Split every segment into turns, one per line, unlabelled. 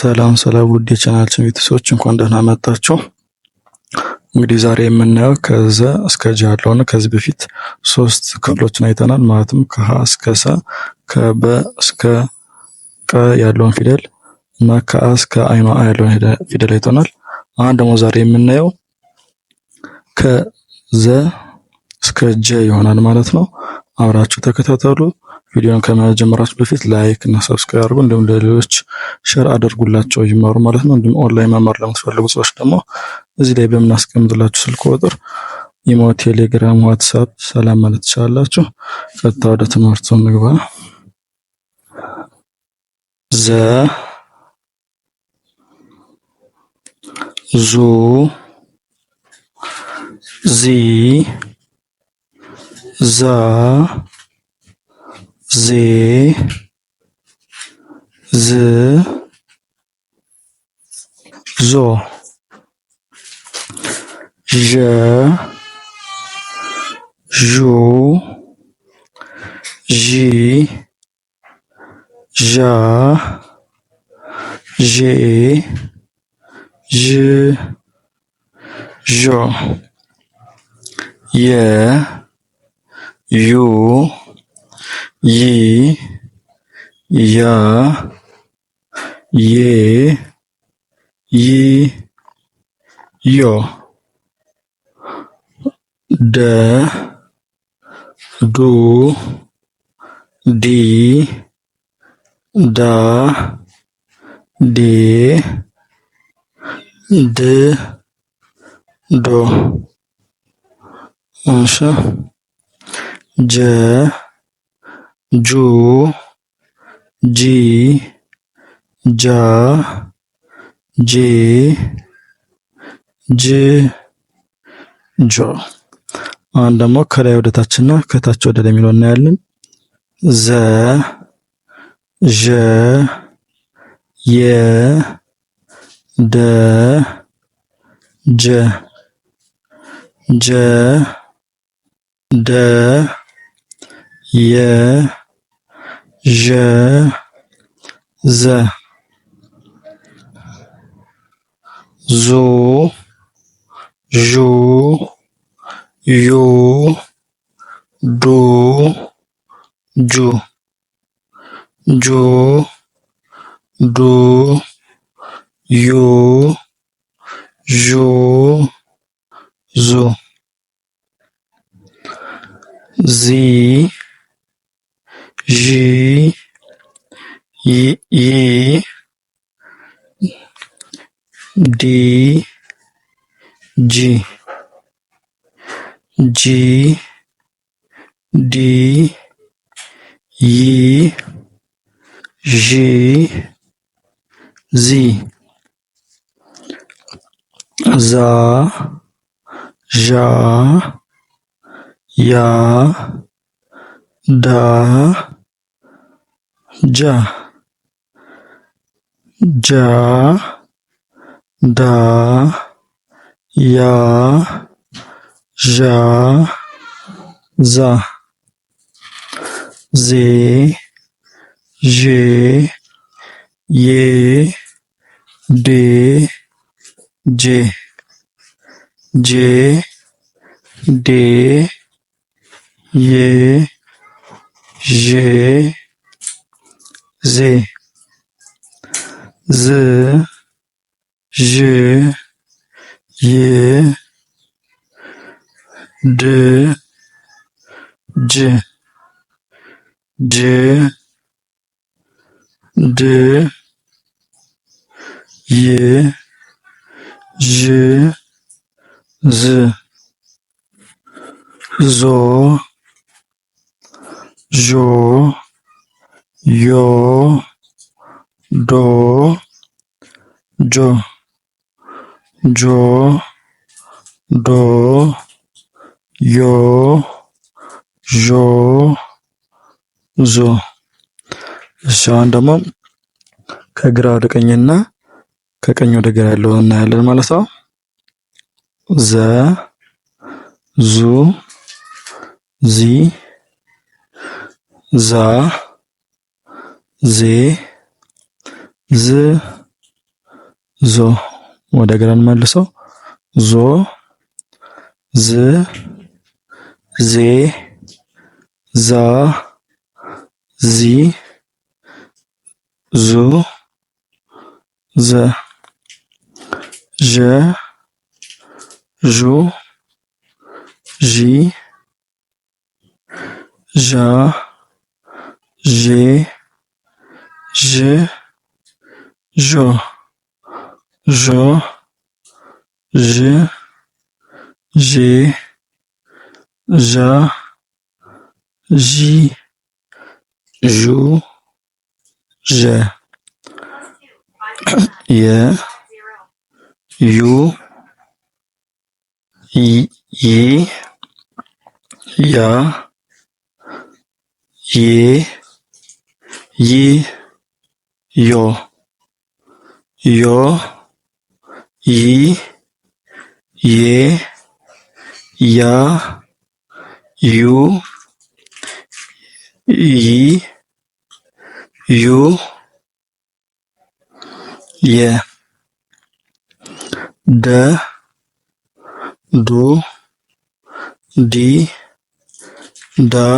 ሰላም ሰላም ውድ የቻናላችን ቤተሰቦች እንኳን ደህና መጣችሁ። እንግዲህ ዛሬ የምናየው ከዘ እስከ ጀ ያለውን ከዚህ በፊት ሶስት ክፍሎችን አይተናል። ማለትም ከሀ እስከ ሰ፣ ከበ እስከ ቀ ያለውን ፊደል እና ከአ እስከ አይኗ አ ያለውን ፊደል አይተናል። አሁን ደግሞ ዛሬ የምናየው ከዘ እስከ ጀ ይሆናል ማለት ነው። አብራችሁ ተከታተሉ። ቪዲዮን ከመጀመራችሁ በፊት ላይክ እና ሰብስክራይብ አድርጉ። እንዲሁም ለሌሎች ሼር አድርጉላቸው ይማሩ ማለት ነው። እንዲሁም ኦንላይን መማር ለምትፈልጉ ሰዎች ደግሞ እዚህ ላይ በምናስቀምጥላችሁ ስልክ ቁጥር ኢሞ፣ ቴሌግራም፣ ዋትሳፕ ሰላም ማለት ትችላላችሁ። ቀጥታ ወደ ትምህርቱ እንግባ። ዘ ዙ ዚ ዛ ዜ ዝ ዞ ዠ ዡ ዢ ዣ ዤ ዥ ዦ የ ዩ ይ ያ ዬ ይ ዮ ደ ዱ ዲ ዳ ዴ ድ ዶ እሺ ጀ ጁ ጂ ጃ ጄ ጅ ጆ። አሁን ደግሞ ከላይ ወደታችና ከታች ወደ ላይ የሚለው እናያለን። ዘ ዠ የ ደ ጀ ጀ ደ የ ዠ ዘ ዙ ዡ ዩ ዱ ጁ ጁ ዱ ዩ ዡ ዙ ዚ G E E D G G D E G Z za já Ya da ጃ ጃ ዳ ያ ዣ ዛ ዜ ዤ ዬ ዴ ጄ ጄ ዴ ዬ ዤ ዜ ዝ ዥ ይ ድ ጅ ጅ ድ ይ ዥ ዝ ዞ ዦ ዮ ዶ ጆ ጆ ዶ ዮ ዦ ዞ እሺ ደግሞ ከግራ ወደ ቀኝና ከቀኝ ወደ ግራ ያለውን እናያለን ማለት ነው። ዘ ዙ ዚ ዛ ዜ ዝ ዞ ወደ ግራን እንመልሰው። ዞ ዝ ዜ ዛ ዚ ዙ ዘ ዠ ዡ ዢ ዣ ዤ ዥ ዦ ዦ ዥ ዤ ዣ ዢ ዡ ዠ የ ዩ ይ ያ ዬ ይ ዮ ዮ ይ የ ያ ዩ ይ ዩ የ ደ ዱ ዲ ዳ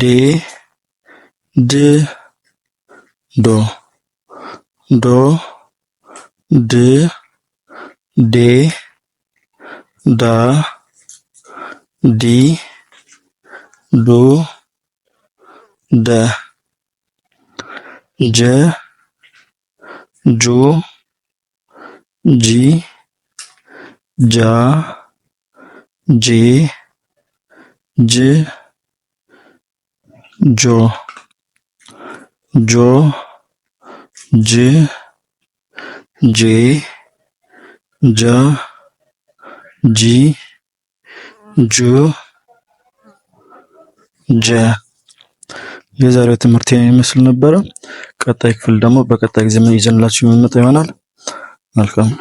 ዴ ድ ዶ ዶ ድ ዴ ዳ ዲ ዱ ደ ጀ ጁ ጂ ጃ ጄ ጅ ጆ ጆ ጅ ጄ ጀ ጂ ጁ ጀ የዛሬው ትምህርት የሚመስል ነበረ። ቀጣይ ክፍል ደግሞ በቀጣይ ጊዜ ምን ይዘንላችሁ የምንመጣ ይሆናል። መልካም